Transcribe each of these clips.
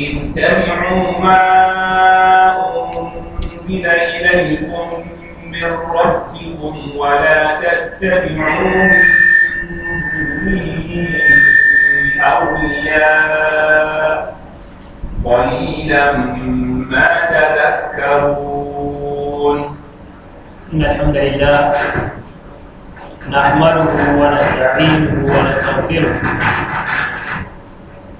اتبعوا ما أنزل إليكم من ربكم ولا تتبعوا من أولياء قليلا ما تذكرون إن الحمد لله نحمده ونستعينه ونستغفره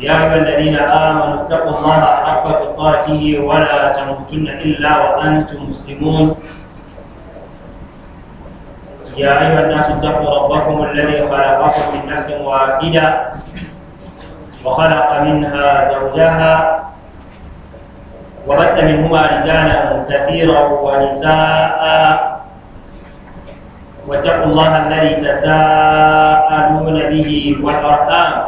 يا أيها الذين آمنوا اتقوا الله حق تقاته ولا تموتن إلا وأنتم مسلمون يا أيها الناس اتقوا ربكم الذي خلقكم من نفس واحدة وخلق منها زوجها وبت منهما رجالا كثيرا ونساء واتقوا الله الذي تساءلون به والأرحام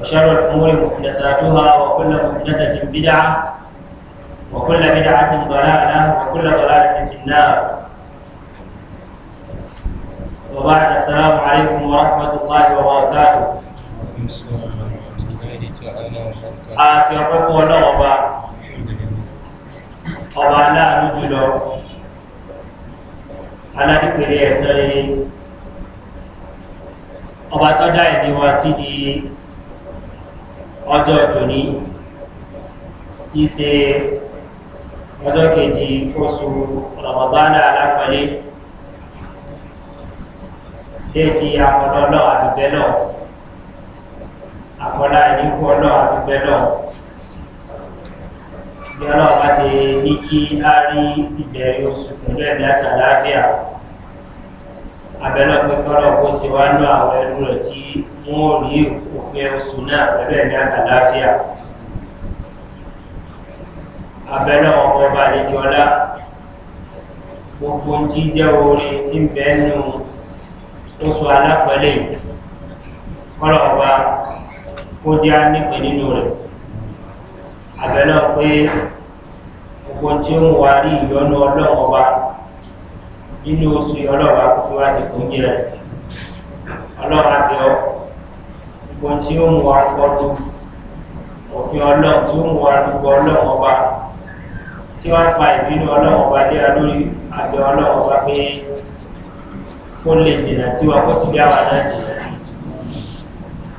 وشر الأمور محدثاتها وكل محدثة بدعة وكل بدعة ضلالة وكل ضلالة في النار وبعد السلام عليكم ورحمة الله وبركاته àfi ọpẹ́ fún Ọlọ́run ọba ọba aláàánú jùlọ aládìpẹlẹ ẹsẹ rere ọba ọjọ́ tòní tí í ṣe ọjọ́ kejì oṣù rọ̀mọ̀bánà alápẹ̀lẹ́ déètì àfọlọ́lọ́ àti bẹ́lọ̀ àfọlá ìdínkù ọlọ́ àti bẹ́lọ̀ bí ọlọ́ọ̀bá ṣe ní kí á rí ìbẹ̀rẹ̀ oṣù pẹ̀lú ẹ̀mí àtàláfíà abẹ́nà pípọ́nà kó se wá ní àwọn ẹnu rẹ̀ tí wọ́n rí òpin oṣù náà pẹ̀lú ẹ̀mí àtàláfíà abẹ́nà ọmọ ọba àlejòọlá gbogbo tí jẹ́ orí tí ń bẹ́ẹ̀ nù oṣù alápẹ̀lẹ̀ kọ́nà ọba kó jẹ́ nípe nínú rẹ̀ abẹ́nà pé gbogbo tí ó ń wá ìyọnu ọlọ́run ọba nínú oṣù ọlọ́wọ́ akókò wá sí kóńjì rẹ̀ ọlọ́wọ́ abẹ́ ọ gbogbo tí ó mú wa fọ́jú òfin ọlọ́run tí ó mú wa lùgbọ́ ọlọ́run ọba tí wọ́n fa ìbínú ọlọ́run ọba léra lórí abẹ́ ọlọ́run ọba pé kó lè jìnà sí wa kó sì bí àwa náà jìnà sí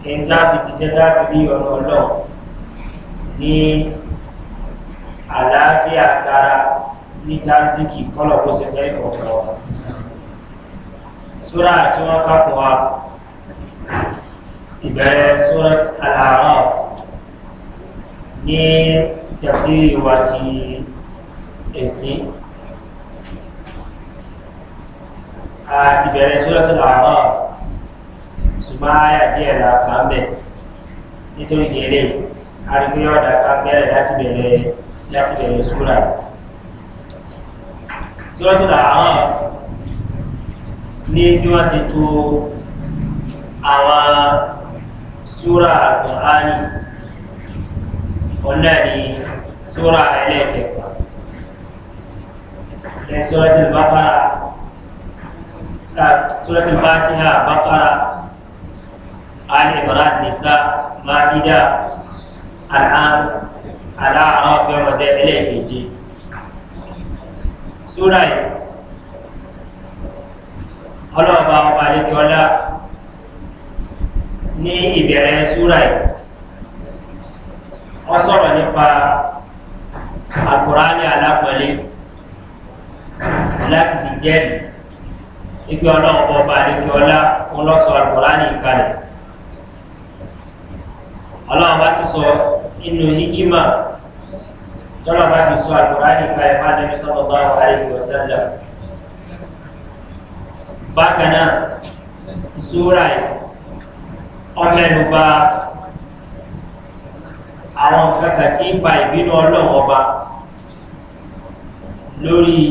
kí n tá fi ṣiṣẹ́ tá fi ọ̀nà ọlọ́run ní àlàáfíà tara ní taziki kọ́lọ̀ bó ṣe fẹ́ ọ̀pọ̀ wa sóra tí wọ́n ká fún wa ìbẹ̀rẹ̀ sóra aláàrọ̀ ní tafsiri wa ti ẹ̀sìn àti bẹ̀rẹ̀ sóra tí aláàrọ̀ ṣùgbọ́n àyà díẹ̀ la kà ń bẹ̀ nítorí délé àrígbé ká bẹ̀rẹ̀ láti bẹ̀rẹ̀ láti bẹ̀rẹ̀ sóra sọ́rọ́tò àwọn ní bí wọ́n ṣe tó àwọn súra àgbọ̀nránì ọ̀nà ní súra ẹlẹ́ẹ̀kẹfà ní sọ́rọ́tò bàbára سورة الفاتحة بقرة آل عمران نساء مائدة الآن على أعراف يوم جاء إليه جيد súra yìí ọlọ́ọ̀bá ọba adékọ́lá ní ìbẹ̀rẹ̀ súra yìí wọ́n sọ̀rọ̀ nípa àkùránì alápọ̀lé láti fi jẹ́rìí ipe ọlọ́run bọ́ bá adéfi ọlá òun lọ sọ àkùránì kalẹ̀ ọlọ́run bá ti sọ inú hikima tọ́lọ̀ bá fi sọ àkùrá nípa ẹ̀fà nẹ́bí sọ́tọ̀ bá wà láì wọ̀ sẹ́lẹ̀ bákan náà ìṣúra ọmọ ẹnu bá àwọn kankan tí ń fa ìbínú ọlọ́wọ́ bá lórí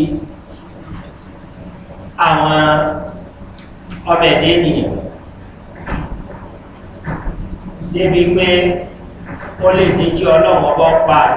àwọn ọmọ ẹ̀dẹ́ ènìyàn débi pé ó lè dín